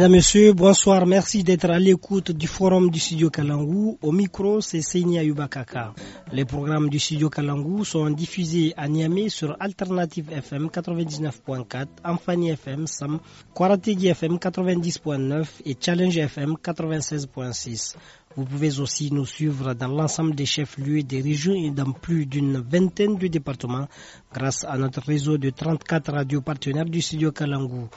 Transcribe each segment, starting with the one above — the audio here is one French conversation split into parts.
Mesdames, Messieurs, bonsoir. Merci d'être à l'écoute du forum du studio Kalangou. Au micro, c'est Seigneur Yubakaka. Les programmes du studio Kalangou sont diffusés à Niamey sur Alternative FM 99.4, Amphani FM, Sam, Kwarategi FM 90.9 et Challenge FM 96.6. Vous pouvez aussi nous suivre dans l'ensemble des chefs-lieux des régions et dans plus d'une vingtaine de départements grâce à notre réseau de 34 radios partenaires du studio Kalangou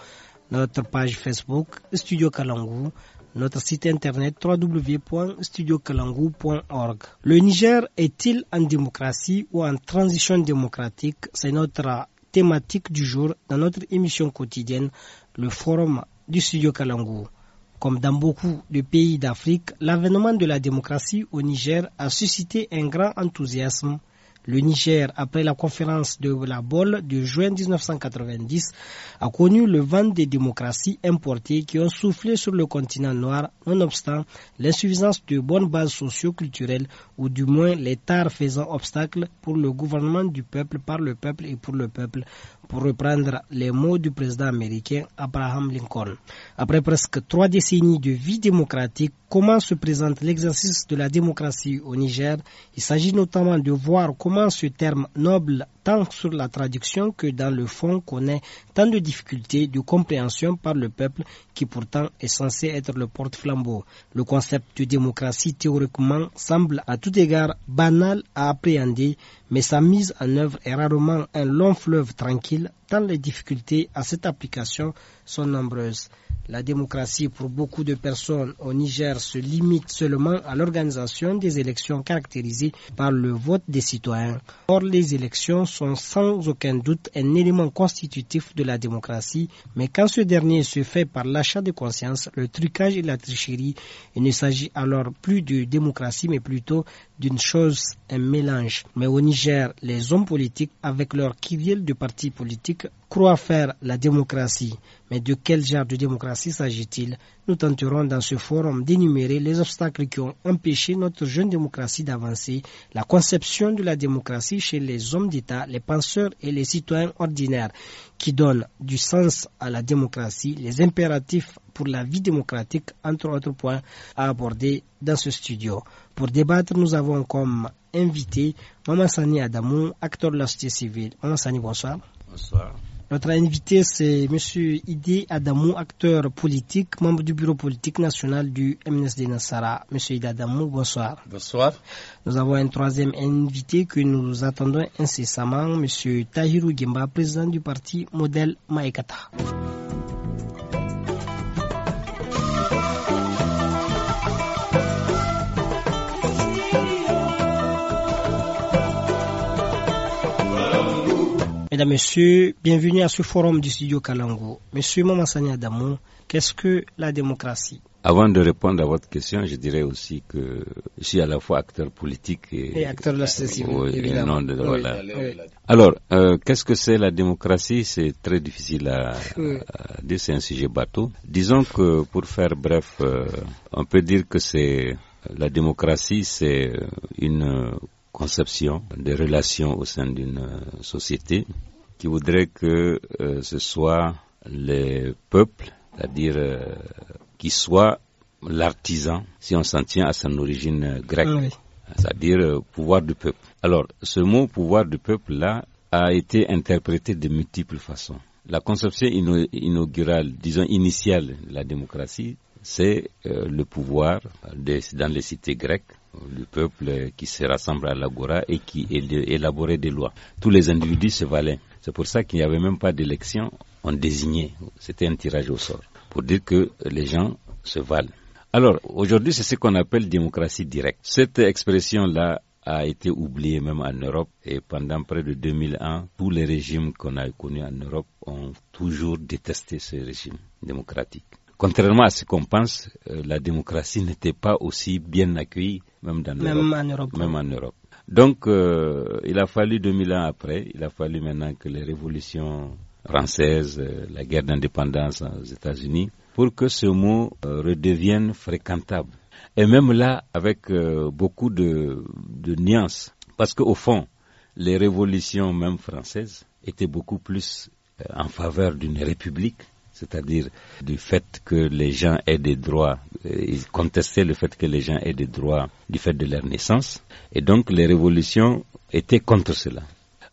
notre page Facebook Studio Kalangu, notre site internet www.studiokalangu.org. Le Niger est-il en démocratie ou en transition démocratique C'est notre thématique du jour dans notre émission quotidienne, le forum du Studio Kalangu. Comme dans beaucoup de pays d'Afrique, l'avènement de la démocratie au Niger a suscité un grand enthousiasme le Niger, après la conférence de la Bolle de juin 1990, a connu le vent des démocraties importées qui ont soufflé sur le continent noir, nonobstant l'insuffisance de bonnes bases socio-culturelles ou du moins les tares faisant obstacle pour le gouvernement du peuple par le peuple et pour le peuple, pour reprendre les mots du président américain Abraham Lincoln. Après presque trois décennies de vie démocratique, comment se présente l'exercice de la démocratie au Niger Il s'agit notamment de voir comment Comment ce terme noble, tant sur la traduction que dans le fond, connaît tant de difficultés de compréhension par le peuple qui pourtant est censé être le porte-flambeau. Le concept de démocratie théoriquement semble à tout égard banal à appréhender, mais sa mise en œuvre est rarement un long fleuve tranquille, tant les difficultés à cette application sont nombreuses. La démocratie pour beaucoup de personnes au Niger se limite seulement à l'organisation des élections caractérisées par le vote des citoyens. Or, les élections sont sans aucun doute un élément constitutif de la démocratie, mais quand ce dernier se fait par la L'achat de conscience, le trucage et la tricherie. Il ne s'agit alors plus de démocratie, mais plutôt d'une chose, un mélange. Mais au Niger, les hommes politiques, avec leur viennent de partis politiques, croit faire la démocratie. Mais de quel genre de démocratie s'agit-il Nous tenterons dans ce forum d'énumérer les obstacles qui ont empêché notre jeune démocratie d'avancer, la conception de la démocratie chez les hommes d'État, les penseurs et les citoyens ordinaires, qui donnent du sens à la démocratie, les impératifs pour la vie démocratique, entre autres points à aborder dans ce studio. Pour débattre, nous avons comme invité Maman Sani Adamou, acteur de la société civile. Maman Sani, bonsoir. Bonsoir. Notre invité, c'est M. Idi Adamou, acteur politique, membre du bureau politique national du MNSD Nassara. M. Idi Adamou, bonsoir. Bonsoir. Nous avons un troisième invité que nous attendons incessamment, M. Tahiru Gimba, président du parti Modèle Maekata. Monsieur, Messieurs, bienvenue à ce forum du studio Kalango. Monsieur Mamassani Adamou, qu'est-ce que la démocratie Avant de répondre à votre question, je dirais aussi que je suis à la fois acteur politique et, acteur de la société Alors, euh, qu'est-ce que c'est la démocratie C'est très difficile à, dire, c'est un sujet bateau. Disons que, pour faire bref, euh, on peut dire que c'est la démocratie, c'est une conception des relations au sein d'une euh, société qui voudrait que euh, ce soit le peuple, c'est-à-dire euh, qui soit l'artisan, si on s'en tient à son origine euh, grecque, c'est-à-dire pouvoir du peuple. Alors, ce mot pouvoir du peuple-là a été interprété de multiples façons. La conception inaugurale, disons initiale de la démocratie, c'est le pouvoir des, dans les cités grecques le peuple qui se rassemble à l'Agora et qui élaborait des lois. Tous les individus se valaient. C'est pour ça qu'il n'y avait même pas d'élection. On désignait. C'était un tirage au sort. Pour dire que les gens se valent. Alors, aujourd'hui, c'est ce qu'on appelle démocratie directe. Cette expression-là a été oubliée même en Europe et pendant près de 2000 ans, tous les régimes qu'on a connus en Europe ont toujours détesté ce régime démocratique. Contrairement à ce qu'on pense, euh, la démocratie n'était pas aussi bien accueillie, même, dans en, Europe. même en Europe. Donc, euh, il a fallu 2000 ans après, il a fallu maintenant que les révolutions françaises, euh, la guerre d'indépendance aux États-Unis, pour que ce mot redevienne fréquentable. Et même là, avec beaucoup de, de nuances, parce qu'au fond, les révolutions même françaises étaient beaucoup plus en faveur d'une république c'est-à-dire du fait que les gens aient des droits, euh, ils contestaient le fait que les gens aient des droits du fait de leur naissance, et donc les révolutions étaient contre cela.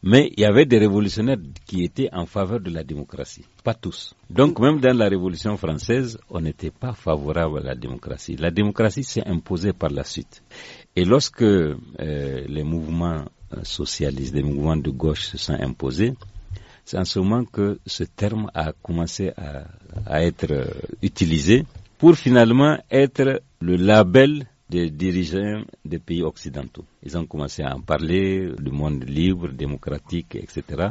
Mais il y avait des révolutionnaires qui étaient en faveur de la démocratie, pas tous. Donc même dans la Révolution française, on n'était pas favorable à la démocratie. La démocratie s'est imposée par la suite. Et lorsque euh, les mouvements euh, socialistes, les mouvements de gauche se sont imposés, c'est en ce moment que ce terme a commencé à, être euh, utilisé pour finalement être le label des dirigeants des pays occidentaux. Ils ont commencé à en parler, le monde libre, démocratique, etc.,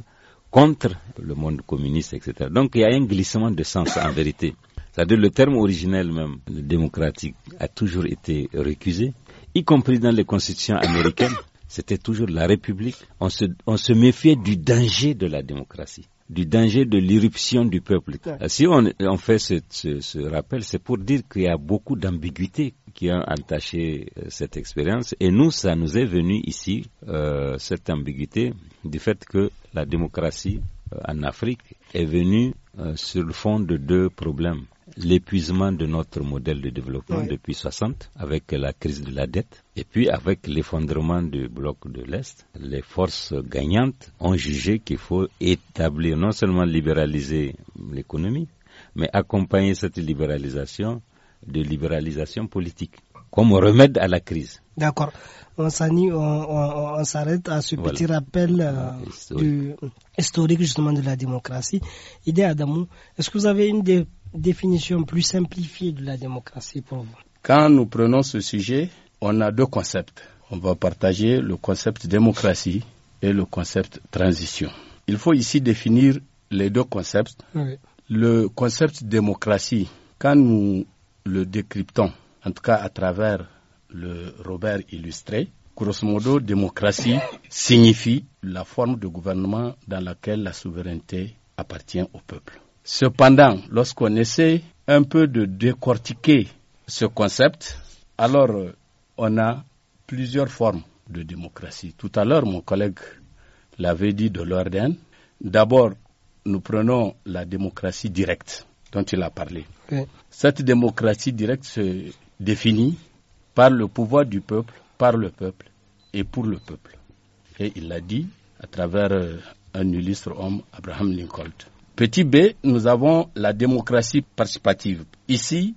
contre le monde communiste, etc. Donc il y a un glissement de sens en vérité. C'est-à-dire le terme originel même, démocratique, a toujours été récusé, y compris dans les constitutions américaines c'était toujours la République. On se, on se méfiait du danger de la démocratie du danger de l'irruption du peuple. Si on, fait ce, rappel, c'est pour dire qu'il y a beaucoup d'ambiguïté qui ont entaché euh, cette expérience. Et nous, ça nous est venu ici, euh, cette ambiguïté, du fait que la démocratie euh, en Afrique est venue sur le fond de deux problèmes l'épuisement de notre modèle de développement depuis 60, avec la crise de la dette, et puis avec l'effondrement du bloc de l'Est, les forces gagnantes ont jugé qu'il faut établir, non seulement libéraliser l'économie, mais accompagner cette libéralisation de libéralisation politique, comme remède à la crise. D'accord. On, s'arrête à ce petit rappel euh, ah, historique. historique justement de la démocratie. Idée Adamou, est-ce que vous avez une des définition plus simplifiée de la démocratie pour vous Quand nous prenons ce sujet, on a deux concepts. On va partager le concept démocratie et le concept transition. Il faut ici définir les deux concepts. Le concept démocratie, quand nous le décryptons, en tout cas à travers le Robert illustré, grosso modo, démocratie signifie la forme de gouvernement dans laquelle la souveraineté appartient au peuple. Cependant, lorsqu'on essaie un peu de décortiquer ce concept, alors euh, on a plusieurs formes de démocratie. Tout à l'heure, mon collègue l'avait dit de l'ordre. D'abord, nous prenons la démocratie directe dont il a parlé. Cette démocratie directe se définit par le pouvoir du peuple, par le peuple et pour le peuple. Et il l'a dit à travers euh, un illustre homme, Abraham Lincoln. Petit b, nous avons la démocratie participative. Ici,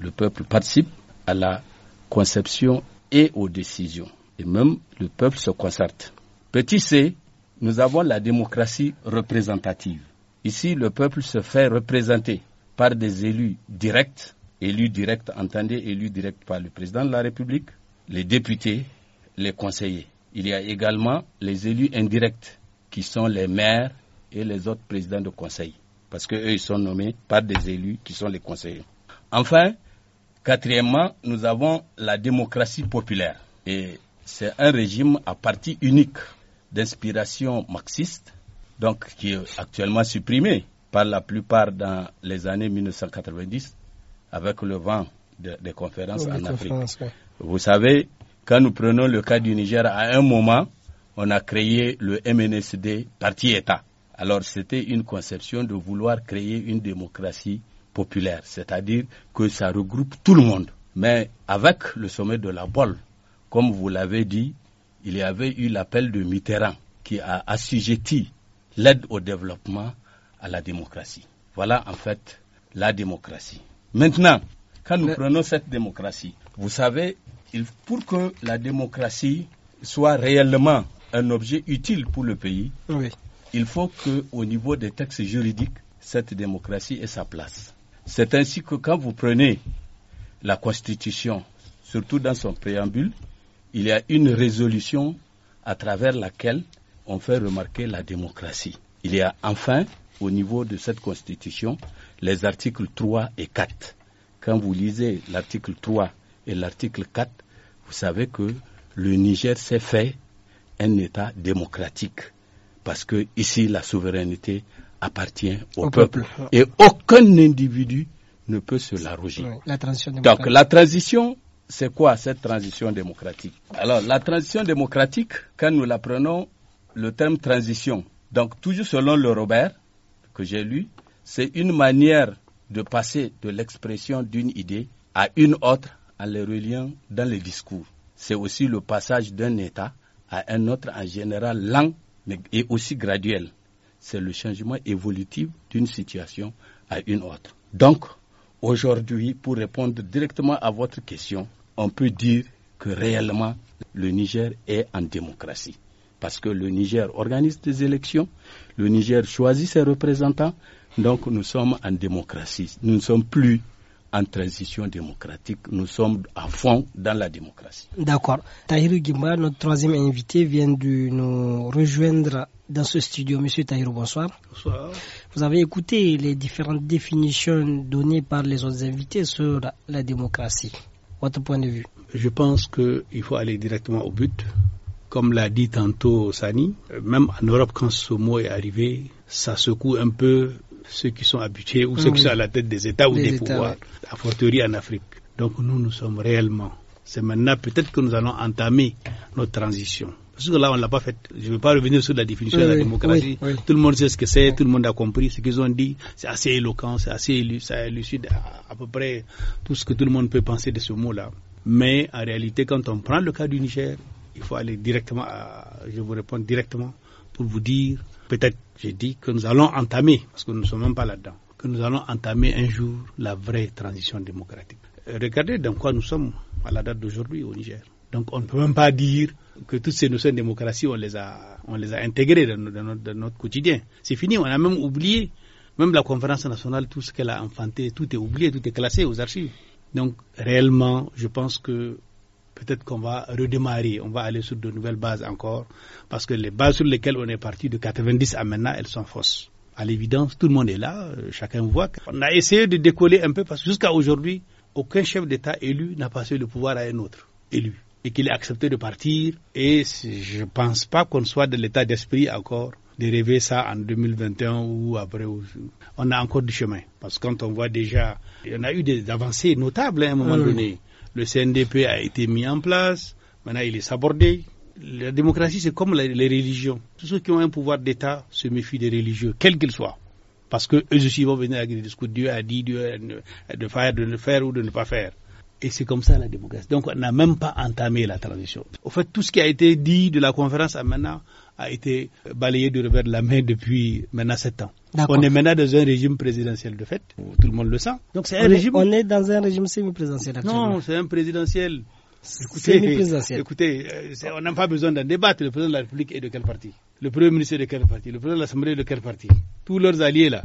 le peuple participe à la conception et aux décisions. Et même le peuple se concerte. Petit c, nous avons la démocratie représentative. Ici, le peuple se fait représenter par des élus directs, élus directs, entendez, élus directs par le président de la République, les députés, les conseillers. Il y a également les élus indirects, qui sont les maires, et les autres présidents de conseil, parce qu'eux, ils sont nommés par des élus qui sont les conseillers. Enfin, quatrièmement, nous avons la démocratie populaire. Et c'est un régime à parti unique d'inspiration marxiste, donc qui est actuellement supprimé par la plupart dans les années 1990 avec le vent des conférences en Afrique. Vous savez, quand nous prenons le cas du Niger, à un moment, on a créé le MNSD, parti État. Alors c'était une conception de vouloir créer une démocratie populaire, c'est-à-dire que ça regroupe tout le monde. Mais avec le sommet de la Bolle, comme vous l'avez dit, il y avait eu l'appel de Mitterrand qui a assujetti l'aide au développement à la démocratie. Voilà en fait la démocratie. Maintenant, quand nous prenons cette démocratie, vous savez, pour que la démocratie soit réellement un objet utile pour le pays, il faut que, au niveau des textes juridiques, cette démocratie ait sa place. C'est ainsi que quand vous prenez la Constitution, surtout dans son préambule, il y a une résolution à travers laquelle on fait remarquer la démocratie. Il y a enfin, au niveau de cette Constitution, les articles 3 et 4. Quand vous lisez l'article 3 et l'article 4, vous savez que le Niger s'est fait un État démocratique parce que ici la souveraineté appartient au, peuple. Ah. et aucun individu ne peut se l'arroger. La Donc la transition, c'est quoi cette transition démocratique Alors la transition démocratique, quand nous la prenons, le terme transition, donc toujours selon le Robert que j'ai lu, c'est une manière de passer de l'expression d'une idée à une autre en les reliant dans les discours. C'est aussi le passage d'un État à un autre, en général lent mais aussi graduel. C'est le changement évolutif d'une situation à une autre. Donc, aujourd'hui, pour répondre directement à votre question, on peut dire que réellement, le Niger est en démocratie. Parce que le Niger organise des élections, le Niger choisit ses représentants, donc nous sommes en démocratie. Nous ne sommes plus en transition démocratique. Nous sommes à fond dans la démocratie. D'accord. Tahiru Gimba, notre troisième invité, vient de nous rejoindre dans ce studio. Monsieur Tahiru bonsoir. Bonsoir. Vous avez écouté les différentes définitions données par les autres invités sur la démocratie. Votre point de vue Je pense qu'il faut aller directement au but. Comme l'a dit tantôt Sani, euh, même en Europe, quand ce mot est arrivé, ça secoue un peu ceux qui sont habitués ou ceux qui sont à la tête des États ou des, pouvoirs, à fortiori en Afrique. Donc nous, nous sommes réellement. C'est maintenant peut-être que nous allons entamer notre transition. Parce que là, on ne l'a pas fait. Je ne veux pas revenir sur la définition de la démocratie. Tout le monde sait ce que c'est, tout le monde a compris ce qu'ils ont dit. C'est assez éloquent, c'est assez lucide à, à peu près tout ce que tout le monde peut penser de ce mot-là. Mais en réalité, quand on prend le cas du Niger, il faut aller directement à, je vous réponds directement, pour vous dire, peut-être j'ai dit que nous allons entamer, parce que nous ne sommes même pas là-dedans, que nous allons entamer un jour la vraie transition démocratique. Euh, regardez dans quoi nous sommes à la date d'aujourd'hui au Niger. Donc on ne peut même pas dire que toutes ces notions de démocratie, on les a, on les a intégrées notre, dans notre, quotidien. C'est fini, on a même oublié, même la conférence nationale, tout ce qu'elle a enfanté, tout est oublié, tout est classé aux archives. Donc réellement, je pense que peut-être qu'on va redémarrer, on va aller sur de nouvelles bases encore, parce que les bases sur lesquelles on est parti de 90 à maintenant, elles sont fausses. À l'évidence, tout le monde est là, euh, chacun voit. On a essayé de décoller un peu, parce que jusqu'à aujourd'hui, aucun chef d'État élu n'a passé le pouvoir à un autre élu et qu'il ait accepté de partir. Et je ne pense pas qu'on soit de l'état d'esprit encore de rêver ça en 2021 ou après. On a encore du chemin. Parce que quand on voit déjà, il en a eu des avancées notables hein, à un moment ah donné. Le CNDP a été mis en place. Maintenant, il est sabordé. La démocratie, c'est comme les religions. Tous ceux qui ont un pouvoir d'État se méfient des religieux, quels qu'ils soient. Parce que eux aussi vont venir avec des discours. Dieu a dit, de faire, de ne faire ou de ne pas faire. Et c'est comme ça la démocratie. Donc on n'a même pas entamé la transition. Au fait, tout ce qui a été dit de la conférence à maintenant a été balayé du revers de la main depuis maintenant sept ans. On est maintenant dans un régime présidentiel de fait, tout le monde le sent. Donc c'est un régime. Est, on est dans un régime semi-présidentiel actuellement. Non, c'est un présidentiel. Écoutez, écoutez euh, on n'a pas besoin d'en débattre. Le président de la République est de quel parti Le Premier ministre est de quel parti Le président de l'Assemblée est de quel parti Tous leurs alliés là,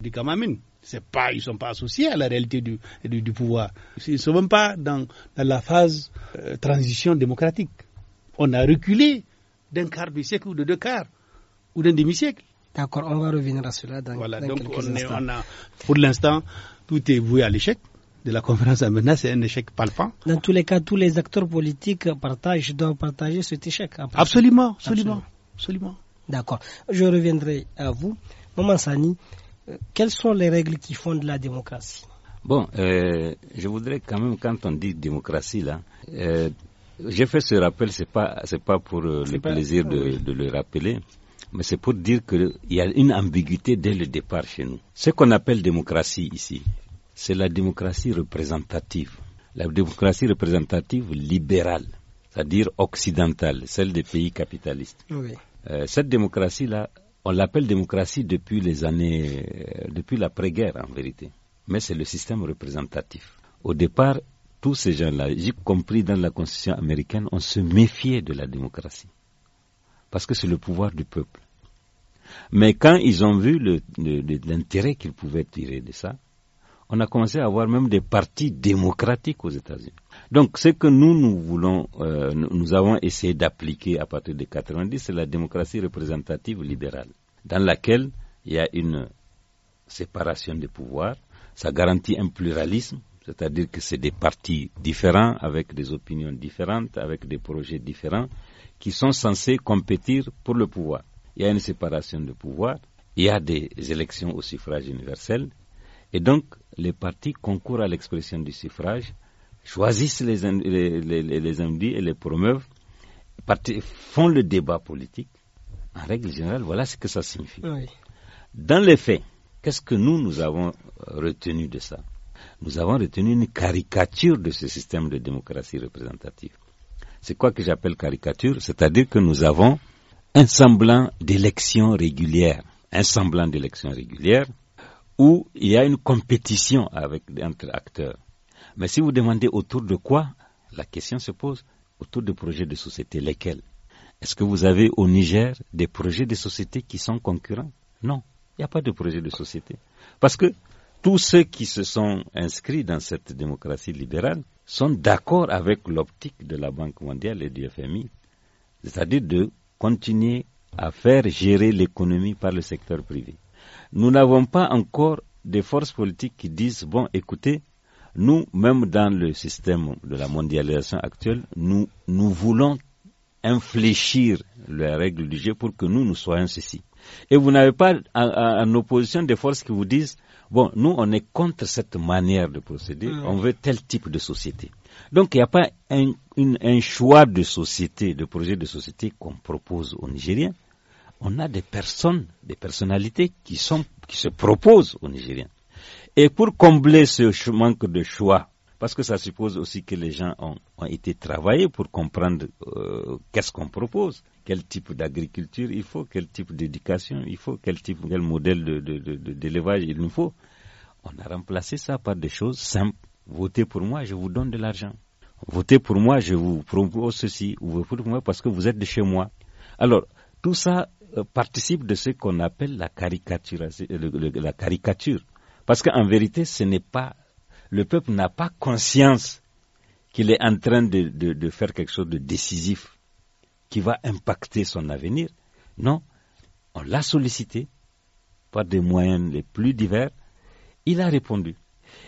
du Kamamine, c'est pas, ils ne sont pas associés à la réalité du, du, pouvoir. Ils ne sont même pas dans, la phase euh, transition démocratique. On a reculé d'un quart du siècle ou de deux quarts, ou d'un demi-siècle. D'accord, on va revenir à cela dans, voilà, donc quelques on pour l'instant, tout est voué à l'échec de la conférence à menace, c'est un échec palpant. Dans tous les cas, tous les acteurs politiques partagent, doivent partager cet échec. Absolument, absolument, absolument. D'accord. Je reviendrai à vous. Maman Sani, euh, quelles sont les règles qui fondent la démocratie Bon, euh, je voudrais quand même, quand on dit démocratie, là, euh, j'ai fait ce rappel, c'est pas, c'est pas pour le plaisir de, le rappeler. Mais c'est pour dire qu'il y a une ambiguïté dès le départ chez nous. Ce qu'on appelle démocratie ici, c'est la démocratie représentative. La démocratie représentative libérale, c'est-à-dire occidentale, celle des pays capitalistes. Euh, cette démocratie-là, on l'appelle démocratie depuis les années, euh, depuis l'après-guerre en vérité. Mais c'est le système représentatif. Au départ, tous ces gens-là, y compris dans la Constitution américaine, ont se méfiait de la démocratie parce que c'est le pouvoir du peuple. Mais quand ils ont vu l'intérêt qu'ils pouvaient tirer de ça, on a commencé à avoir même des partis démocratiques aux États-Unis. Donc, ce que nous, nous voulons, euh, nous avons essayé d'appliquer à partir de 90, c'est la démocratie représentative libérale, dans laquelle il y a une séparation des pouvoirs, ça garantit un pluralisme, c'est-à-dire que c'est des partis différents, avec des opinions différentes, avec des projets différents, qui sont censés compétir pour le pouvoir. Il y a une séparation de pouvoir, il y a des élections au suffrage universel, et donc les partis concourent à l'expression du suffrage, choisissent les, les, et les promeuvent, font le débat politique. En règle générale, voilà ce que ça signifie. Dans les faits, qu'est-ce que nous, nous avons retenu de ça Nous avons retenu une caricature de ce système de démocratie représentative. C'est quoi que j'appelle caricature C'est-à-dire que nous avons un semblant d'élection régulière, un semblant d'élection régulière où il y a une compétition avec, entre acteurs. Mais si vous demandez autour de quoi, la question se pose autour de projets de société, lesquels Est-ce que vous avez au Niger des projets de société qui sont concurrents Non, il n'y a pas de projet de société. Parce que tous ceux qui se sont inscrits dans cette démocratie libérale sont d'accord avec l'optique de la Banque mondiale et du FMI, c'est-à-dire de continuer à faire gérer l'économie par le secteur privé. Nous n'avons pas encore des forces politiques qui disent, bon, écoutez, nous, même dans le système de la mondialisation actuelle, nous, nous voulons infléchir les règles du jeu pour que nous, nous soyons ceci. Et vous n'avez pas en opposition des forces qui vous disent, Bon, nous, on est contre cette manière de procéder. Ah on veut tel type de société. Donc, il n'y a pas un, choix de société, de projet de société qu'on propose aux Nigériens. On a des personnes, des personnalités qui, sont, qui se proposent aux Nigériens. Et pour combler ce manque de choix, parce que ça suppose aussi que les gens ont, été travaillés pour comprendre euh, qu'est-ce qu'on propose quel type d'agriculture il faut, quel type d'éducation il faut, quel type, quel modèle d'élevage de, de, il nous faut. On a remplacé ça par des choses simples. Votez pour moi, je vous donne de l'argent. Votez pour moi, je vous propose ceci. Votez pour moi parce que vous êtes de chez moi. Alors, tout ça euh, participe de ce qu'on appelle la caricature. Euh, la caricature. Parce qu'en vérité, ce n'est pas, le peuple n'a pas conscience qu'il est en train de faire quelque chose de décisif qui va impacter son avenir. Non, on l'a sollicité par des moyens les plus divers. Il a répondu.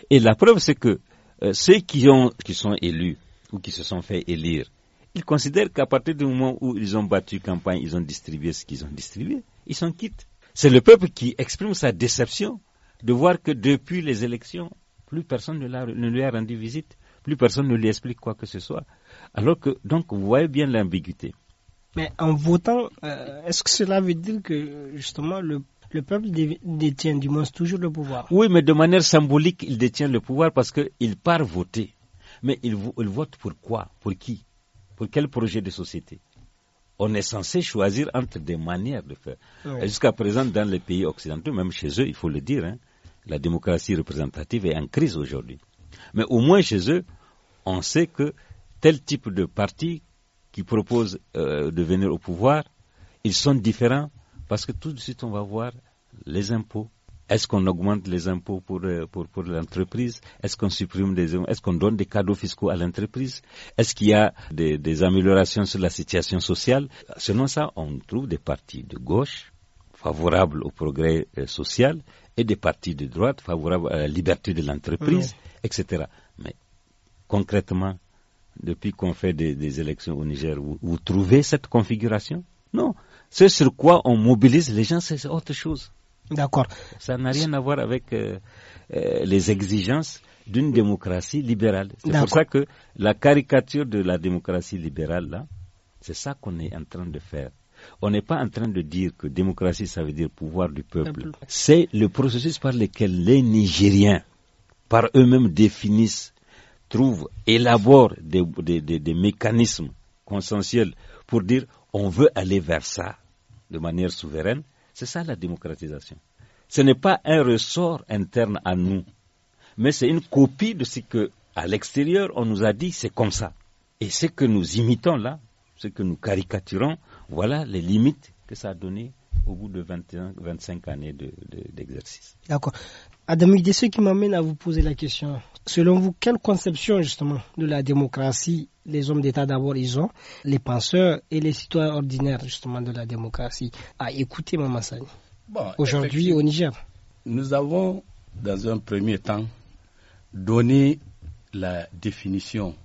Et la preuve, c'est que euh, ceux qui, ont, qui sont élus ou qui se sont fait élire, ils considèrent qu'à partir du moment où ils ont battu campagne, ils ont distribué ce qu'ils ont distribué, ils s'en quittent. C'est le peuple qui exprime sa déception de voir que depuis les élections, plus personne ne lui a rendu visite, plus personne ne lui explique quoi que ce soit. Alors que, donc, vous voyez bien l'ambiguïté. Mais en votant, euh, est-ce que cela veut dire que justement le, peuple détient du moins toujours le pouvoir Oui, mais de manière symbolique, il détient le pouvoir parce qu'il part voter. Mais il, vote pour quoi Pour qui Pour quel projet de société on est censé choisir entre des manières de faire. Jusqu'à présent, dans les pays occidentaux, même chez eux, il faut le dire, hein, la démocratie représentative est en crise aujourd'hui. Mais au moins chez eux, on sait que tel type de parti qui proposent euh, de venir au pouvoir, ils sont différents parce que tout de suite on va voir les impôts. Est-ce qu'on augmente les impôts pour, euh, pour, pour l'entreprise Est-ce qu'on supprime des Est-ce qu'on donne des cadeaux fiscaux à l'entreprise Est-ce qu'il y a des, améliorations sur la situation sociale Selon ça, on trouve des partis de gauche favorables au progrès euh, social et des partis de droite favorables à la liberté de l'entreprise, etc. Mais concrètement, depuis qu'on fait des, élections au Niger, vous, trouvez cette configuration Non. Ce sur quoi on mobilise les gens, c'est autre chose. D'accord. Ça n'a rien à voir avec euh, euh, les exigences d'une démocratie libérale. C'est pour ça que la caricature de la démocratie libérale, là, c'est ça qu'on est en train de faire. On n'est pas en train de dire que démocratie, ça veut dire pouvoir du peuple. C'est le processus par lequel les Nigériens, par eux-mêmes, définissent trouve, élabore des, mécanismes consensuels pour dire on veut aller vers ça de manière souveraine, c'est ça la démocratisation. Ce n'est pas un ressort interne à nous, mais c'est une copie de ce que à l'extérieur on nous a dit c'est comme ça. Et ce que nous imitons là, ce que nous caricaturons, voilà les limites que ça a donné au bout de 21, 25 années d'exercice. De, de, D'accord. Adam ce qui m'amène à vous poser la question. Selon vous, quelle conception justement de la démocratie les hommes d'État d'abord ils ont, les penseurs et les citoyens ordinaires justement de la démocratie à ah, écouter Mamassani bon, aujourd'hui au Niger Nous avons dans un premier temps donné la définition,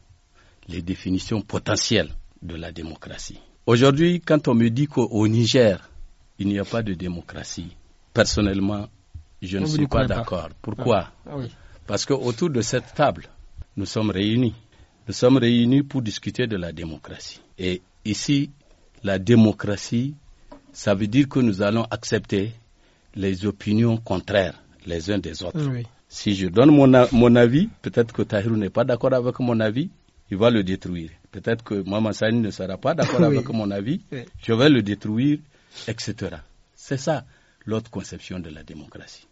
les définitions potentielles de la démocratie. Aujourd'hui, quand on me dit qu'au Niger, il n'y a pas de démocratie. Personnellement, je ne suis pas d'accord. Ah. Pourquoi ah Parce que autour de cette table, nous sommes réunis. Nous sommes réunis pour discuter de la démocratie. Et ici, la démocratie, ça veut dire que nous allons accepter les opinions contraires les uns des autres. Si je donne mon, mon avis, peut-être que Tahirou n'est pas d'accord avec mon avis, il va le détruire. Peut-être que Maman Sani ne sera pas d'accord avec mon avis, je vais le détruire etc. C'est ça l'autre conception de la démocratie.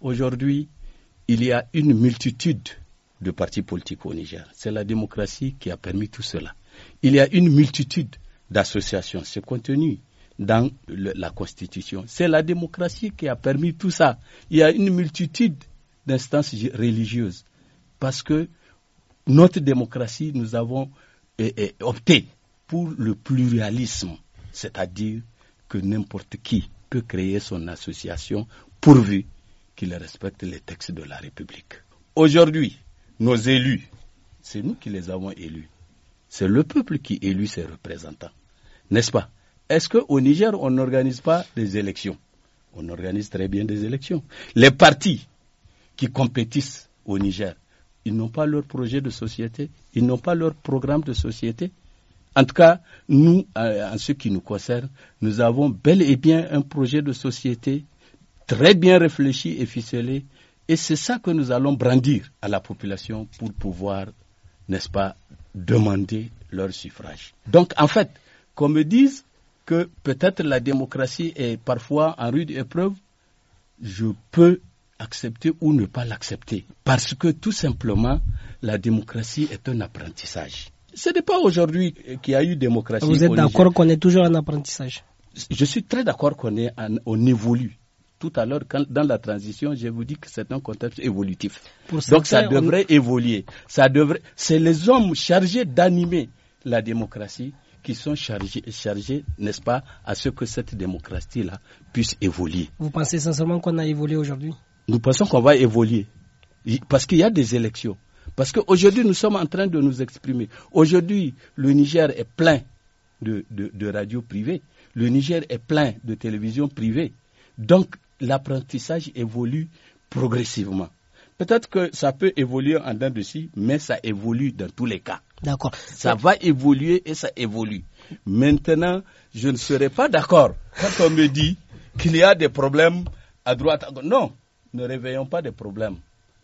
Aujourd'hui, il y a une multitude de partis politiques au Niger. C'est la démocratie qui a permis tout cela. Il y a une multitude d'associations, c'est contenu dans la Constitution. C'est la démocratie qui a permis tout ça. Il y a une multitude d'instances religieuses parce que notre démocratie, nous avons opté pour le pluralisme, c'est-à-dire que n'importe qui peut créer son association pourvu qu'il respecte les textes de la République. Aujourd'hui, nos élus, c'est nous qui les avons élus. C'est le peuple qui élit ses représentants. N'est-ce pas Est-ce qu'au Niger, on n'organise pas des élections On organise très bien des élections. Les partis qui compétissent au Niger, ils n'ont pas leur projet de société, ils n'ont pas leur programme de société, en tout cas, nous, en ce qui nous concerne, nous avons bel et bien un projet de société très bien réfléchi et ficelé. Et c'est ça que nous allons brandir à la population pour pouvoir, n'est-ce pas, demander leur suffrage. Donc, en fait, qu'on me dise que peut-être la démocratie est parfois en rude épreuve, je peux accepter ou ne pas l'accepter. Parce que tout simplement, la démocratie est un apprentissage. Ce n'est pas aujourd'hui qu'il y a eu démocratie. Vous êtes d'accord qu'on est toujours en apprentissage Je suis très d'accord qu'on est on évolue. Tout à l'heure, dans la transition, je vous dis que c'est un contexte évolutif. Donc ça devrait évoluer. Ça devrait. C'est les hommes chargés d'animer la démocratie qui sont chargés, chargés n'est-ce pas, à ce que cette démocratie-là puisse évoluer. Vous pensez sincèrement qu'on a évolué aujourd'hui Nous pensons qu'on va évoluer. Parce qu'il y a des élections. Parce qu'aujourd'hui, nous sommes en train de nous exprimer. Aujourd'hui, le Niger est plein de, radios privées. Le Niger est plein de télévisions privées. Donc, l'apprentissage évolue progressivement. Peut-être que ça peut évoluer en dents de mais ça évolue dans tous les cas. D'accord. Ça va évoluer et ça évolue. Maintenant, je ne serai pas d'accord quand on me dit qu'il y a des problèmes à droite. Non, ne réveillons pas des problèmes.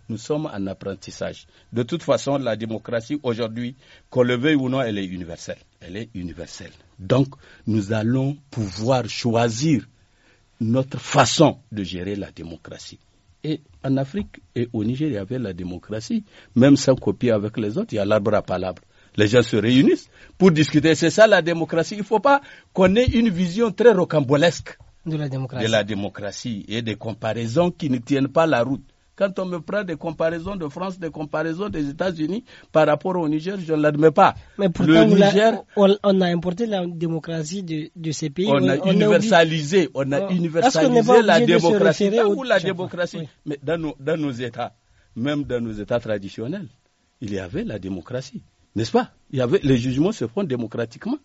Nous sommes en apprentissage. De toute façon, la démocratie aujourd'hui, qu'on le veuille ou non, elle est universelle. Elle est universelle. Donc, nous allons pouvoir choisir notre façon de gérer la démocratie. Et en Afrique et au Niger, il y avait la démocratie, même sans copier avec les autres, il y a l'arbre à palabre. Les gens se réunissent pour discuter. C'est ça la démocratie. Il ne faut pas qu'on ait une vision très rocambolesque de la, démocratie. de la démocratie et des comparaisons qui ne tiennent pas la route. Quand on me prend des comparaisons de France, des comparaisons des États-Unis par rapport au Niger, je ne l'admets pas. Mais pourtant, le Niger, on, a, importé la démocratie de, ces pays. On a universalisé, on a ah. universalisé la démocratie. la démocratie. Mais dans nos, dans nos États, même dans nos États traditionnels, il y avait la démocratie. N'est-ce pas il y avait, Les jugements se font démocratiquement.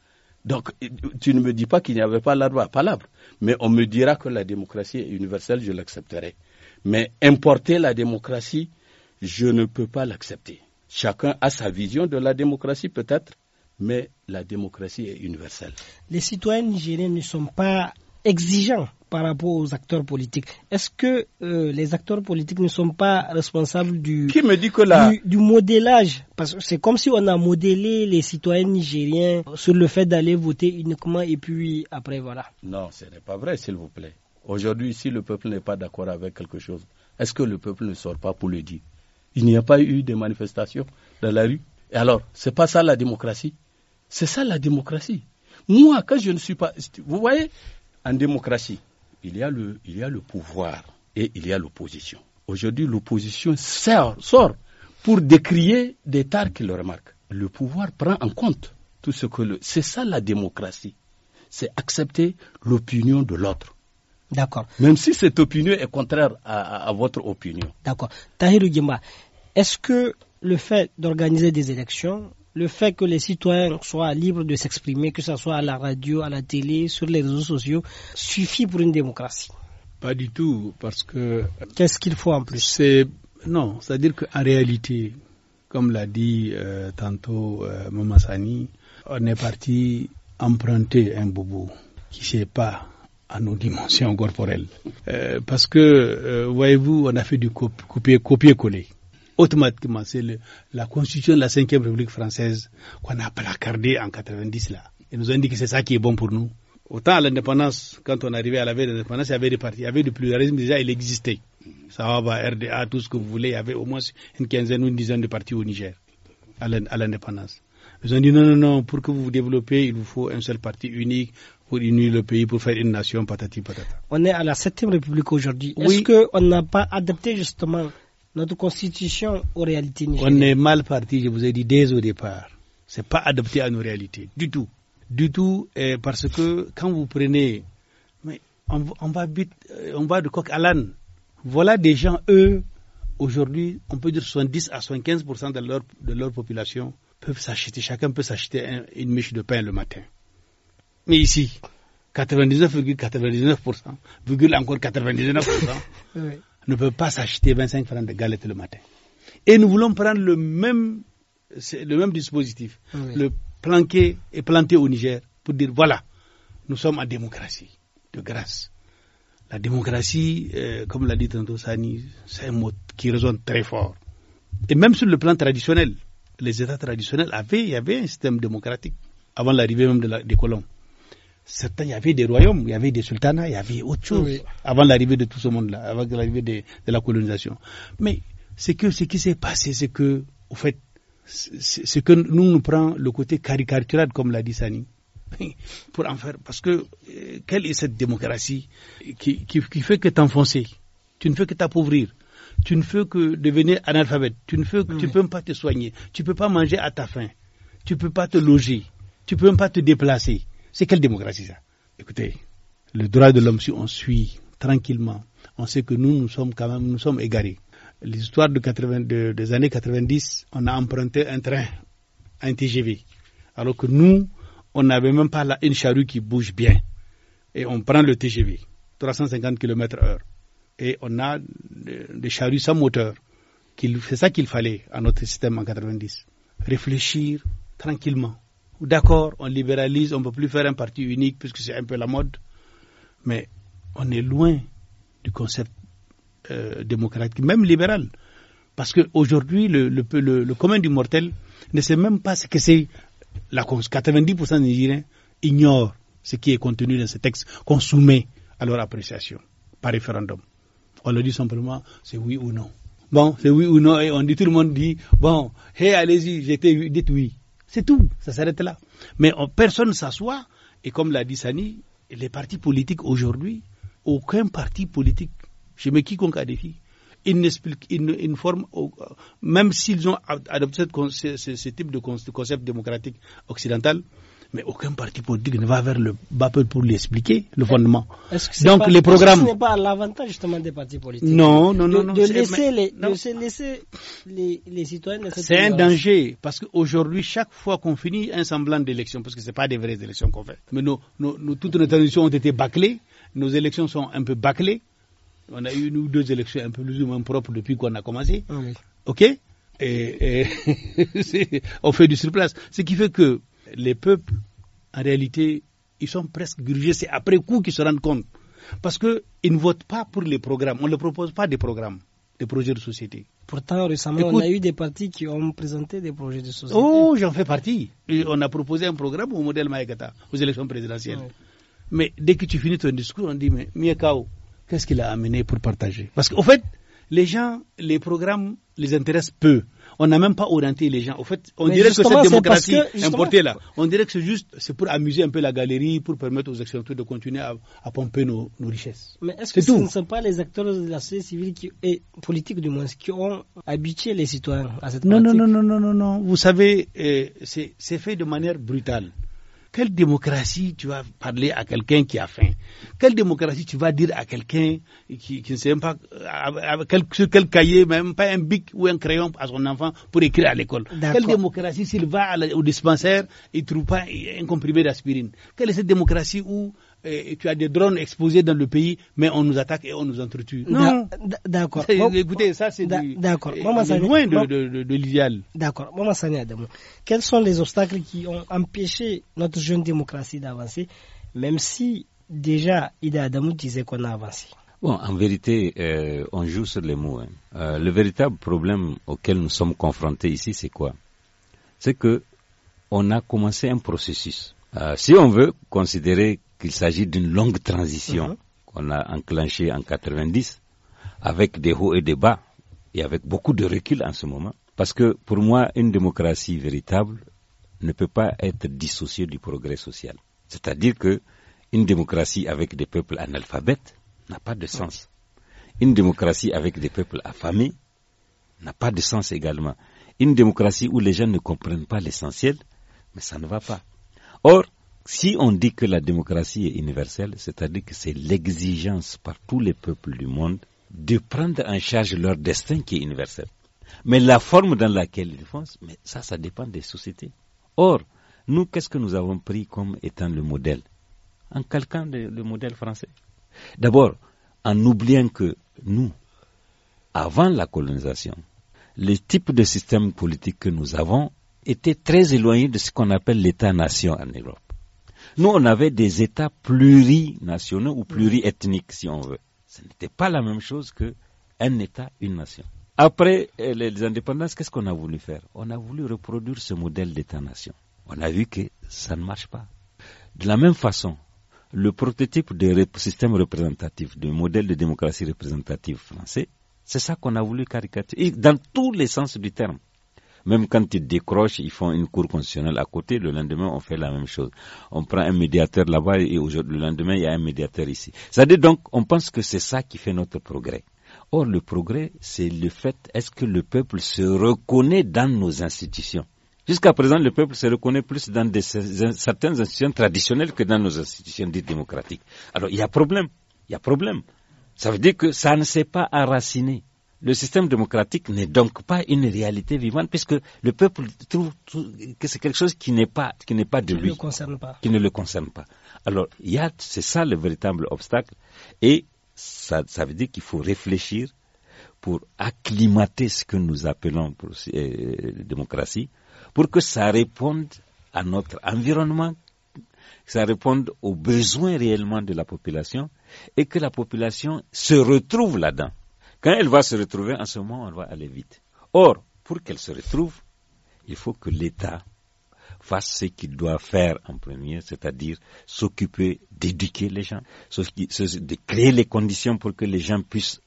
Donc, tu ne me dis pas qu'il n'y avait pas la loi à palabre, mais on me dira que la démocratie est universelle, je l'accepterai. Mais importer la démocratie, je ne peux pas l'accepter. Chacun a sa vision de la démocratie peut-être, mais la démocratie est universelle. Les citoyens nigériens ne sont pas exigeants par rapport aux acteurs politiques. Est-ce que euh, les acteurs politiques ne sont pas responsables du, du, du, modélage Parce que c'est comme si on a modélé les citoyens nigériens sur le fait d'aller voter uniquement et puis après voilà. Non, ce n'est pas vrai, s'il vous plaît. Aujourd'hui, si le peuple n'est pas d'accord avec quelque chose, est-ce que le peuple ne sort pas pour le dire Il n'y a pas eu de manifestations dans la rue. Et alors, c'est pas ça la démocratie C'est ça la démocratie. Moi, quand je ne suis pas. Vous voyez, en démocratie, il y a le, il y a le pouvoir et il y a l'opposition. Aujourd'hui, l'opposition sort, pour décrier des tares qui le remarquent. Le pouvoir prend en compte tout ce que le. C'est ça la démocratie. C'est accepter l'opinion de l'autre. D'accord. Même si cette opinion est contraire à, votre opinion. D'accord. Tahir Gimba, est-ce que le fait d'organiser des élections, le fait que les citoyens soient libres de s'exprimer, que ce soit à la radio, à la télé, sur les réseaux sociaux, suffit pour une démocratie Pas du tout, parce que. Qu'est-ce qu'il faut en plus Non, c'est-à-dire qu'en réalité, comme l'a dit euh, tantôt euh, Mamassani, on est parti emprunter un bobo qui ne sait pas à nos dimensions corporelles. Euh, parce que, euh, voyez-vous, on a fait du copier-coller. Automatiquement, c'est la constitution de la 5e République française qu'on a placardée en 90 là. Et nous ont dit que c'est ça qui est bon pour nous. Autant à l'indépendance, quand on arrivait à la veille de l'indépendance, il y avait des partis, il y avait du pluralisme déjà, il existait. Ça va, RDA, tout ce que vous voulez, il y avait au moins une quinzaine ou une dizaine de partis au Niger à l'indépendance. Ils ont dit non, non, non, pour que vous vous développez, il vous faut un seul parti unique, pour unir le pays, pour faire une nation, patati patata. On est à la 7 République aujourd'hui. Oui. Est-ce qu'on n'a pas adapté justement notre constitution aux réalités On est mal parti, je vous ai dit dès au départ. Ce n'est pas adapté à nos réalités, du tout. Du tout, parce que quand vous prenez. Mais on, va, euh, on va de coq à l'âne. Voilà des gens, eux, aujourd'hui, on peut dire 70 à 75 de leur, de leur population peuvent s'acheter, chacun peut s'acheter une miche de pain le matin. Mais ici, 99,99%, virgule encore 99%, ne peut pas s'acheter 25 francs de galettes le matin. Et nous voulons prendre le même, le même dispositif, le planquer et planter au Niger pour dire voilà, nous sommes en démocratie, de grâce. La démocratie, euh, comme l'a dit Tantosani, c'est un mot qui résonne très fort. Et même sur le plan traditionnel, les États traditionnels avaient, y avait un système démocratique avant l'arrivée même de la, des colons certains, il y avait des royaumes, il y avait des sultanats, il y avait autre chose avant l'arrivée de tout ce monde-là, avant l'arrivée de, la colonisation. Mais ce qui s'est passé, c'est que, au fait, ce que nous nous prend le côté caricatural, comme l'a dit Sani, pour en faire. Parce que euh, quelle est cette démocratie qui, fait que t'enfoncer Tu ne fais que t'appauvrir. Tu ne fais que devenir analphabète. Tu ne fais que, tu peux même pas te soigner. Tu ne peux pas manger à ta faim. Tu ne peux pas te loger. Tu ne peux même pas te déplacer c'est quelle démocratie ça Écoutez, le droit de l'homme, si on suit tranquillement, on sait que nous, nous sommes quand même, nous sommes égarés. L'histoire de des années 90, on a emprunté un train, un TGV, alors que nous, on n'avait même pas là une charrue qui bouge bien. Et on prend le TGV, 350 km h Et on a des charrues sans moteur. C'est ça qu'il fallait à notre système en 90. Réfléchir tranquillement. D'accord, on libéralise, on ne peut plus faire un parti unique puisque c'est un peu la mode, mais on est loin du concept euh, démocratique, même libéral. Parce qu'aujourd'hui, le, le, commun du mortel ne sait même pas ce que c'est la cause. 90% des Nigériens ignorent ce qui est contenu dans ce texte qu'on soumet à leur appréciation par référendum. On le dit simplement, c'est oui ou non. Bon, c'est oui ou non, et on dit, tout le monde dit, bon, hé, allez-y, dites oui. C'est tout, ça s'arrête là. Mais personne ne s'assoit, et comme l'a dit Sani, les partis politiques aujourd'hui, aucun parti politique, je mets quiconque à défi, ils n'expliquent, ils euh, même s'ils ont adopté ce type de concept démocratique occidental, mais aucun parti politique ne va vers le Bapel pour lui expliquer le fondement. Donc pas, les programmes. Ce n'est pas l'avantage justement des partis politiques. Non, non, non, non, de laisser les, les, les citoyens. C'est un danger parce qu'aujourd'hui, chaque fois qu'on finit un semblant d'élection, parce que c'est pas des vraies élections qu'on fait, mais nos, nos, toutes nos traditions ont été bâclées, nos élections sont un peu bâclées. On a eu une ou deux élections un peu plus ou moins propres depuis qu'on a commencé. Ah ok et, et on fait du surplace. Ce qui fait que les peuples, en réalité, ils sont presque grugés. C'est après coup qu'ils se rendent compte. Parce qu'ils ne votent pas pour les programmes. On ne leur propose pas des programmes, des projets de société. Pourtant, récemment, on a eu des partis qui ont présenté des projets de société. Oh, j'en fais partie. on a proposé un programme au modèle Maïkata, aux élections présidentielles. Mais dès que tu finis ton discours, on dit, mais Miekao, qu'est-ce qu'il a amené pour partager Parce qu'au fait, les gens, les programmes les intéressent peu. On n'a même pas orienté les gens. Au fait, on dirait que cette démocratie est importée là, on dirait que c'est juste, c'est pour amuser un peu la galerie, pour permettre aux actionnaires de continuer à, pomper nos, richesses. Mais est-ce que ce ne sont pas les acteurs de la société civile et politique du moins qui ont habitué les citoyens à cette non, Non, non, non, non, non, non. Vous savez, euh, c'est fait de manière brutale. Quelle démocratie tu vas parler à quelqu'un qui a faim Quelle démocratie tu vas dire à quelqu'un qui, ne sait même pas, avec euh, quel, sur quel cahier, même pas un bic ou un crayon à son enfant pour écrire à l'école Quelle démocratie s'il va au dispensaire, et ne trouve pas un comprimé d'aspirine Quelle est cette démocratie où et tu as des drones exposés dans le pays, mais on nous attaque et on nous entretue. Non, d'accord. Écoutez, ça c'est loin de, l'idéal. D'accord. quels sont les obstacles qui ont empêché notre jeune démocratie d'avancer, même si déjà Ida Adamou disait qu'on a avancé Bon, en vérité, euh, on joue sur les mots. Hein. Euh, le véritable problème auquel nous sommes confrontés ici, c'est quoi C'est que on a commencé un processus. Euh, si on veut considérer qu'il s'agit d'une longue transition mhm. qu'on a enclenchée en 90 avec des hauts et des bas et avec beaucoup de recul en ce moment. Parce que pour moi, une démocratie véritable ne peut pas être dissociée du progrès social. C'est-à-dire que une démocratie avec des peuples analphabètes n'a pas de sens. Une démocratie avec des peuples affamés n'a pas de sens également. Une démocratie où les gens ne comprennent pas l'essentiel, mais ça ne va pas. Or, si on dit que la démocratie est universelle, c'est-à-dire que c'est l'exigence par tous les peuples du monde de prendre en charge leur destin qui est universel. Mais la forme dans laquelle ils font, mais ça, ça dépend des sociétés. Or, nous, qu'est-ce que nous avons pris comme étant le modèle En calquant le, le modèle français. D'abord, en oubliant que nous, avant la colonisation, le type de système politique que nous avons était très éloigné de ce qu'on appelle l'État-nation en Europe. Nous, on avait des États plurinationaux ou pluriethniques, si on veut. Ce n'était pas la même chose qu'un État, une nation. Après eh, les indépendances, qu'est-ce qu'on a voulu faire On a voulu reproduire ce modèle d'État-nation. On a vu que ça ne marche pas. De la même façon, le prototype de système représentatif, du modèle de démocratie représentative français, c'est ça qu'on a voulu caricaturer, dans tous les sens du terme. Même quand ils décrochent, ils font une cour constitutionnelle à côté. Le lendemain, on fait la même chose. On prend un médiateur là-bas et le lendemain, il y a un médiateur ici. C'est-à-dire donc, on pense que c'est ça qui fait notre progrès. Or, le progrès, c'est le fait, est-ce que le peuple se reconnaît dans nos institutions Jusqu'à présent, le peuple se reconnaît plus dans certaines institutions traditionnelles que dans nos institutions dites démocratiques. Alors, il y a problème. Il y a problème. Ça veut dire que ça ne s'est pas enraciné. Le système démocratique n'est donc pas une réalité vivante puisque le peuple trouve, que c'est quelque chose qui n'est pas, qui n'est pas de lui, qui ne le concerne pas. Alors, il c'est ça le véritable obstacle. Et ça, veut dire qu'il faut réfléchir pour acclimater ce que nous appelons euh, démocratie, pour que ça réponde à notre environnement, que ça réponde aux besoins réellement de la population et que la population se retrouve là-dedans. Quand elle va se retrouver, en ce moment, elle va aller vite. Or, pour qu'elle se retrouve, il faut que l'État fasse ce qu'il doit faire en premier, c'est-à-dire s'occuper d'éduquer les gens, de créer les conditions pour que les gens puissent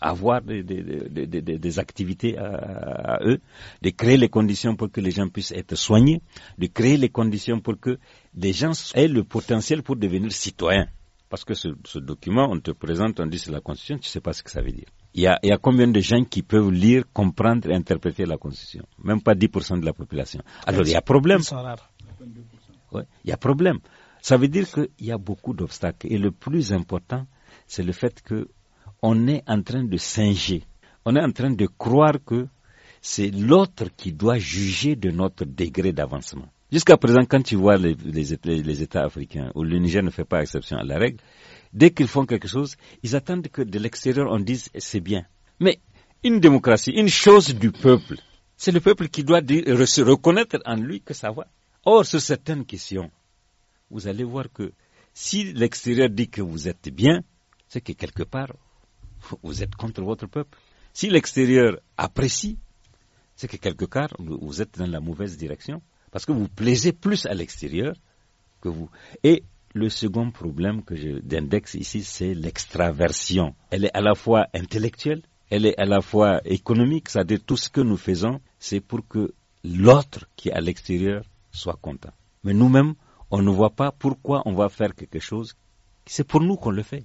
avoir des, activités à, eux, de créer les conditions pour que les gens puissent être soignés, de créer les conditions pour que les gens aient le potentiel pour devenir citoyens. Parce que ce, document, on te présente, on dit c'est la Constitution, tu ne sais pas ce que ça veut dire il y, a, combien de gens qui peuvent lire, comprendre et interpréter la Constitution Même pas 10% de la population. Alors il y a problème. il y a problème. Ça veut dire qu'il y a beaucoup d'obstacles. Et le plus important, c'est le fait que on est en train de singer. On est en train de croire que c'est l'autre qui doit juger de notre degré d'avancement. Jusqu'à présent, quand tu vois les, les, les États africains, où le Niger ne fait pas exception à la règle, dès qu'ils font quelque chose, ils attendent que de l'extérieur on dise c'est bien. Mais une démocratie, une chose du peuple, c'est le peuple qui doit se reconnaître en lui que ça va. Or, sur certaines questions, vous allez voir que si l'extérieur dit que vous êtes bien, c'est que quelque part, vous êtes contre votre peuple. Si l'extérieur apprécie, c'est que quelque part, vous êtes dans la mauvaise direction, parce que vous plaisez plus à l'extérieur que vous. Et le second problème que je ici, c'est l'extraversion. Elle est à la fois intellectuelle, elle est à la fois économique, c'est-à-dire tout ce que nous faisons, c'est pour que l'autre qui est à l'extérieur soit content. Mais nous-mêmes, on ne voit pas pourquoi on va faire quelque chose. C'est pour nous qu'on le fait.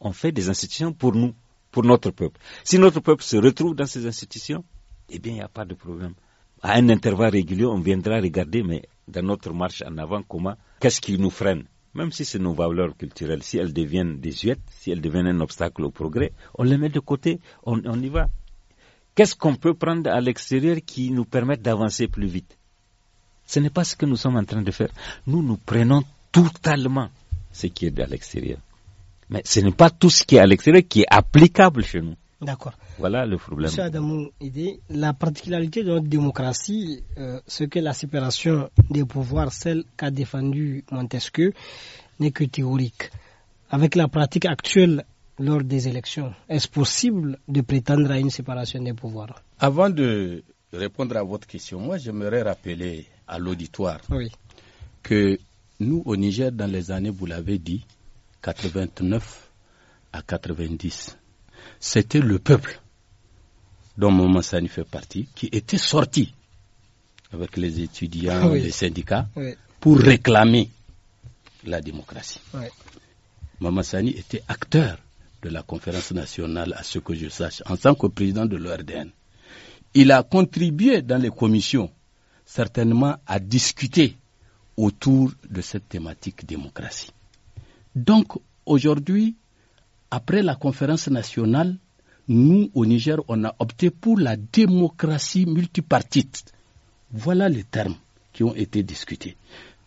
On fait des institutions pour nous, pour notre peuple. Si notre peuple se retrouve dans ces institutions, eh bien, il n'y a pas de problème. À un intervalle régulier, on viendra regarder, mais dans notre marche en avant, comment, qu'est-ce qui nous freine Même si c'est nos valeurs culturelles, si elles deviennent désuètes, si elles deviennent un obstacle au progrès, on les met de côté, on, on y va. Qu'est-ce qu'on peut prendre à l'extérieur qui nous permette d'avancer plus vite Ce n'est pas ce que nous sommes en train de faire. Nous, nous prenons totalement ce qui est à l'extérieur. Mais ce n'est pas tout ce qui est à l'extérieur qui est applicable chez nous. D'accord. Voilà le problème. Monsieur Adamou, la particularité de notre démocratie, euh, ce que la séparation des pouvoirs, celle qu'a défendue Montesquieu, n'est que théorique. Avec la pratique actuelle lors des élections, est-ce possible de prétendre à une séparation des pouvoirs Avant de répondre à votre question, moi j'aimerais rappeler à l'auditoire que nous au Niger, dans les années, vous l'avez dit, 89 à 90, c'était le peuple dont Mamassani Sani fait partie, qui était sorti avec les étudiants, et les syndicats, pour réclamer la démocratie. Oui. Sani était acteur de la conférence nationale, à ce que je sache, en tant que président de l'ORDN. Il a contribué dans les commissions, certainement, à discuter autour de cette thématique démocratie. Donc, aujourd'hui, après la conférence nationale, nous, au Niger, on a opté pour la démocratie multipartite. Voilà les termes qui ont été discutés.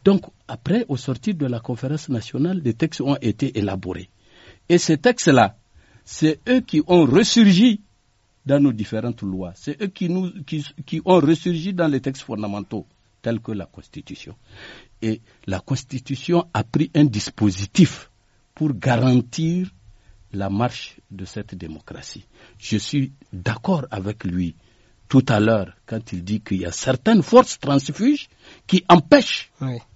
Donc, après, au sortir de la conférence nationale, des textes ont été élaborés. Et ces textes-là, c'est eux qui ont ressurgi dans nos différentes lois. C'est eux qui, nous, qui ont ressurgi dans les textes fondamentaux, tels que la Constitution. Et la Constitution a pris un dispositif pour garantir la marche de cette démocratie. Je suis d'accord avec lui tout à l'heure quand il dit qu'il y a certaines forces transfuges qui empêchent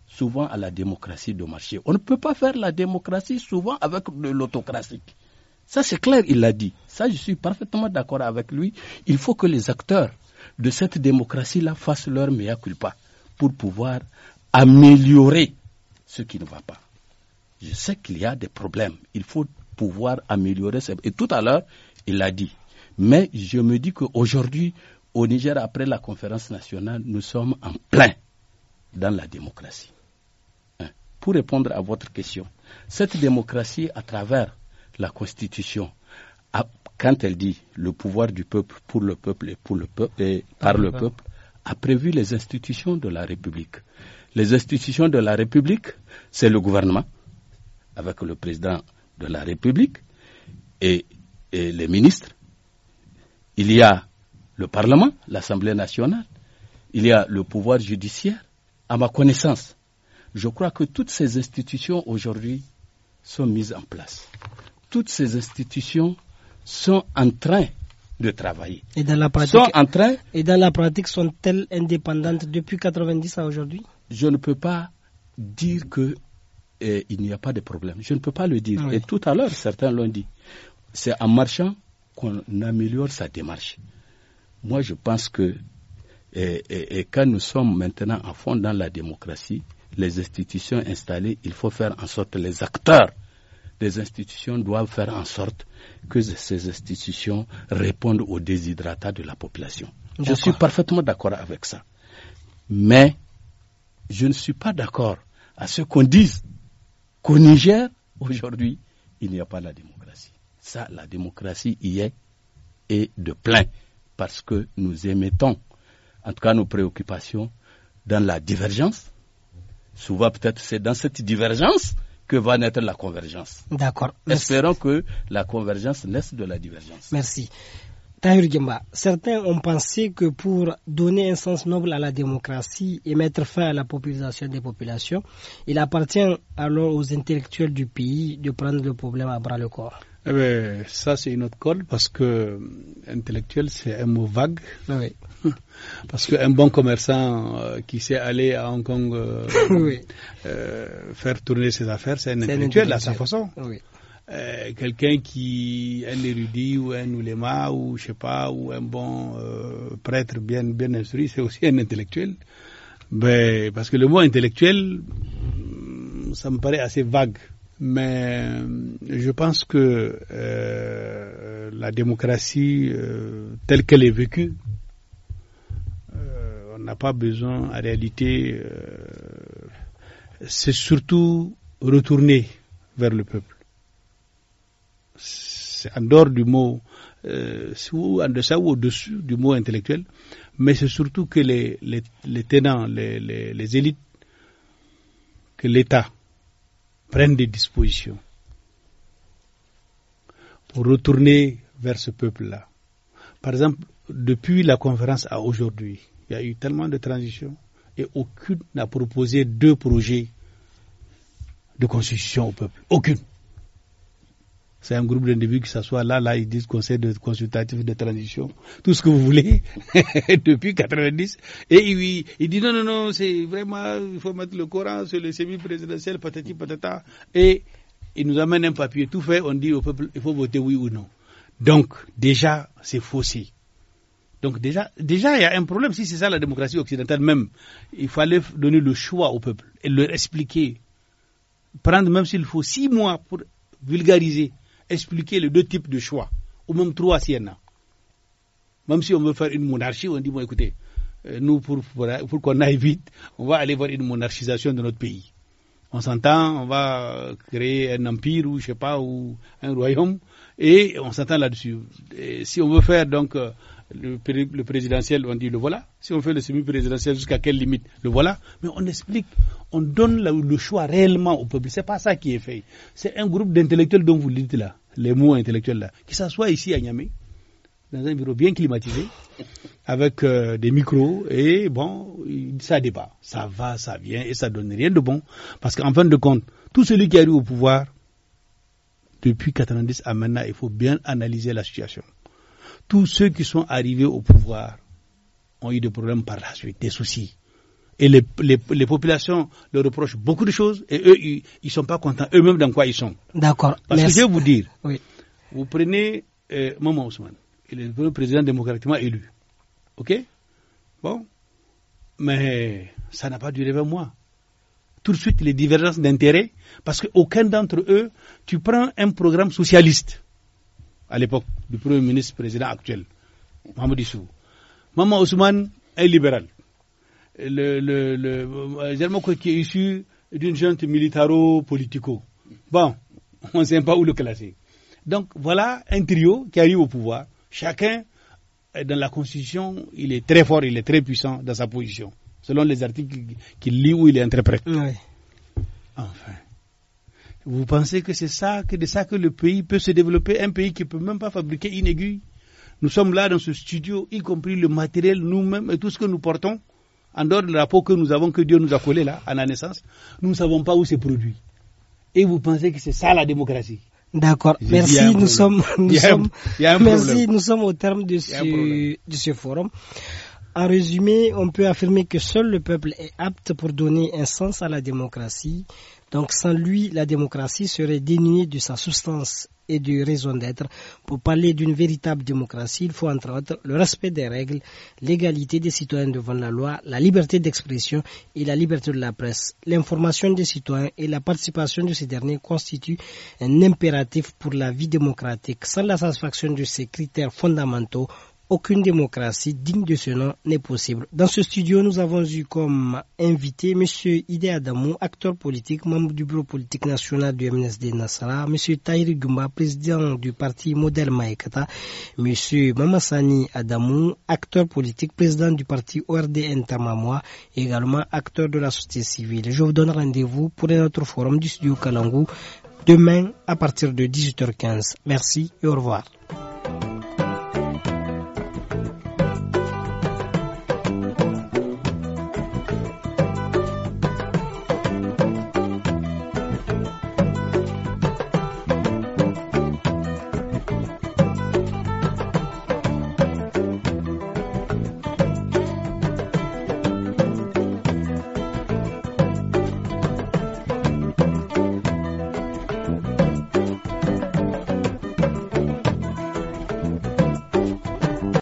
souvent à la démocratie de marcher. On ne peut pas faire la démocratie souvent avec de l'autocratie. Ça c'est clair, il l'a dit. Ça je suis parfaitement d'accord avec lui. Il faut que les acteurs de cette démocratie-là fassent leur meilleur culpa pour pouvoir améliorer ce qui ne va pas. Je sais qu'il y a des problèmes. Il faut pouvoir améliorer. Et tout à l'heure, il l'a dit. Mais je me dis qu'aujourd'hui, au Niger, après la conférence nationale, nous sommes en plein dans la démocratie. Hein. Pour répondre à votre question, cette démocratie, à travers la Constitution, quand elle dit le pouvoir du peuple pour le peuple et, pour le peuple, et par le peuple, a prévu les institutions de la République. Les institutions de la République, c'est le gouvernement, avec le président de la République et, les ministres. Il y a le Parlement, l'Assemblée nationale, il y a le pouvoir judiciaire. À ma connaissance, je crois que toutes ces institutions aujourd'hui sont mises en place. Toutes ces institutions sont en train de travailler. Et dans la pratique, sont en train, et dans la pratique sont-elles indépendantes depuis 90 à aujourd'hui Je ne peux pas dire que il n'y a pas de problème. Je ne peux pas le dire. Et tout à l'heure, certains l'ont dit. C'est en marchant qu'on améliore sa démarche. Moi, je pense que et, quand nous sommes maintenant en fond dans la démocratie, les institutions installées, il faut faire en sorte, les acteurs des institutions doivent faire en sorte que ces institutions répondent aux déshydratats de la population. Je suis parfaitement d'accord avec ça. Mais je ne suis pas d'accord à ce qu'on dise qu'au Niger, aujourd'hui, il n'y a pas la démocratie. Ça, la démocratie y est et de plein, parce que nous émettons, en tout cas nos préoccupations, dans la divergence. Souvent, peut-être, c'est dans cette divergence que va naître la convergence. D'accord. Espérons que la convergence naisse de la divergence. Merci. Tahir Gimba, certains ont pensé que pour donner un sens noble à la démocratie et mettre fin à la population des populations, il appartient alors aux intellectuels du pays de prendre le problème à bras le corps. Eh ben, ça, c'est une autre colle parce que euh, intellectuel, c'est un mot vague. Ah parce qu'un bon commerçant euh, qui sait aller à Hong Kong euh, faire tourner ses affaires, c'est un, intellectuel à sa façon. Oui. Euh, quelqu'un qui, un érudit ou un ouléma ou je sais pas, ou un bon euh, prêtre bien, bien instruit, c'est aussi un intellectuel. mais ben, parce que le mot intellectuel, mm, ça me paraît assez vague. Mais euh, je pense que la démocratie telle qu'elle est vécue, on n'a pas besoin, en réalité, c'est surtout retourner vers le peuple c'est en dehors du mot, euh, en deçà ou au-dessus du mot intellectuel, mais c'est surtout que les, les, tenants, les, les, élites, que l'État prenne des dispositions pour retourner vers ce peuple-là. Par exemple, depuis la conférence à aujourd'hui, il y a eu tellement de transitions et aucune n'a proposé deux projets de constitution au peuple. Aucune. C'est un groupe d'individus qui s'assoit là, là, ils disent conseil de consultatif de transition, tout ce que vous voulez, depuis 90. Et ils, ils disent non, non, non, c'est vraiment, il faut mettre le Coran sur le semi-présidentiel, patati patata. Et ils nous amènent un papier tout fait, on dit au peuple, il faut voter oui ou non. Donc, déjà, c'est faussé. Donc, déjà, déjà, il y a un problème. Si c'est ça la démocratie occidentale même, il fallait donner le choix au peuple et leur expliquer. Prendre, même s'il faut six mois pour vulgariser expliquer les deux types de choix, ou même trois siennes. Même si on veut faire une monarchie, on dit, bon écoutez, euh, nous, pour, pour, qu'on aille vite, on va aller voir une monarchisation de notre pays. On s'entend, on va créer un empire ou je sais pas, ou un royaume, et on s'entend là-dessus. Si on veut faire donc euh, le, présidentiel, on dit le voilà. Si on fait le semi-présidentiel, jusqu'à quelle limite Le voilà. Mais on explique, on donne le choix réellement au peuple. C'est pas ça qui est fait. C'est un groupe d'intellectuels dont vous dites là, les mots intellectuels là, qui s'assoit ici à Niamey, dans un bureau bien climatisé, avec euh, des micros, et bon, ça débat. Ça va, ça vient, et ça donne rien de bon. Parce qu'en fin de compte, tout celui qui arrive au pouvoir, depuis 90 à maintenant, il faut bien analyser la situation tous ceux qui sont arrivés au pouvoir ont eu des problèmes par la suite, des soucis. Et les, populations leur reprochent beaucoup de choses et eux, ils ne sont pas contents eux-mêmes dans quoi ils sont. D'accord. Parce que je vais vous dire, vous prenez euh, Maman Ousmane, il est le président démocratiquement élu. OK Bon. Mais ça n'a pas duré 20 mois. Tout de suite, les divergences d'intérêts, parce qu'aucun d'entre eux, tu prends un programme socialiste à l'époque du Premier ministre président actuel, Mohamed Issou. Maman Ousmane est libéral Le, le, le qui euh, est issu d'une junte militaro-politico. Bon, on ne sait pas où le classer. Donc voilà un trio qui arrive au pouvoir. Chacun, dans la Constitution, il est très fort, il est très puissant dans sa position, selon les articles qu'il lit ou il interprète. Oui. Enfin. Vous pensez que c'est ça, que de ça que le pays peut se développer, un pays qui ne peut même pas fabriquer une aiguille Nous sommes là dans ce studio, y compris le matériel nous-mêmes et tout ce que nous portons, en dehors de la peau que nous avons, que Dieu nous a collé là, à la naissance, nous ne savons pas où c'est produit. Et vous pensez que c'est ça la démocratie D'accord. Merci. Nous sommes, merci. Nous sommes au terme de de ce forum. En résumé, on peut affirmer que seul le peuple est apte pour donner un sens à la démocratie. Donc sans lui, la démocratie serait dénuée de sa substance et de raison d'être. Pour parler d'une véritable démocratie, il faut entre autres le respect des règles, l'égalité des citoyens devant la loi, la liberté d'expression et la liberté de la presse. L'information des citoyens et la participation de ces derniers constituent un impératif pour la vie démocratique. Sans la satisfaction de ces critères fondamentaux, aucune démocratie digne de ce nom n'est possible. Dans ce studio, nous avons eu comme invité M. Idé Adamou, acteur politique, membre du bureau politique national du MSD Nassara, M. Tahir Gumba, président du parti Model Maekata, M. Mamassani Adamou, acteur politique, président du parti ORDN Tamamoa, également acteur de la société civile. Je vous donne rendez-vous pour un autre forum du studio Kalangu, demain à partir de 18h15. Merci et au revoir.